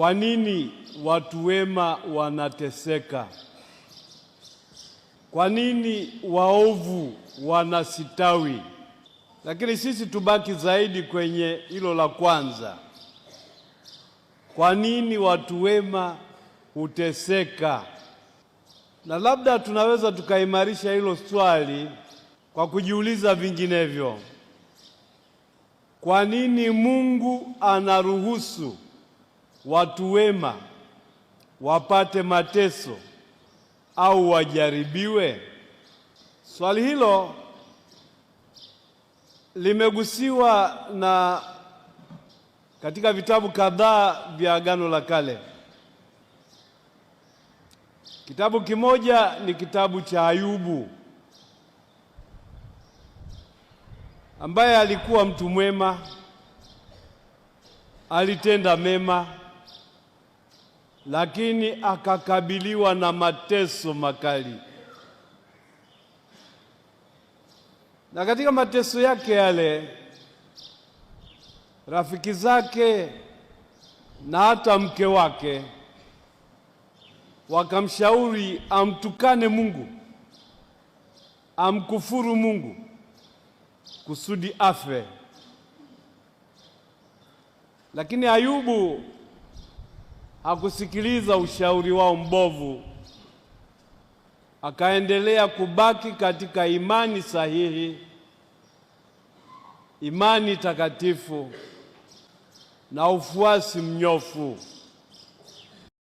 Kwa nini watu wema wanateseka? Kwa nini waovu wanasitawi? Lakini sisi tubaki zaidi kwenye hilo la kwanza. Kwa nini watu wema huteseka? Na labda tunaweza tukaimarisha hilo swali kwa kujiuliza vinginevyo. Kwa nini Mungu anaruhusu watu wema wapate mateso au wajaribiwe? Swali hilo limegusiwa na katika vitabu kadhaa vya Agano la Kale. Kitabu kimoja ni kitabu cha Ayubu ambaye alikuwa mtu mwema, alitenda mema lakini akakabiliwa na mateso makali, na katika mateso yake yale rafiki zake na hata mke wake wakamshauri amtukane Mungu, amkufuru Mungu kusudi afe, lakini Ayubu hakusikiliza ushauri wao mbovu, akaendelea kubaki katika imani sahihi, imani takatifu na ufuasi mnyofu.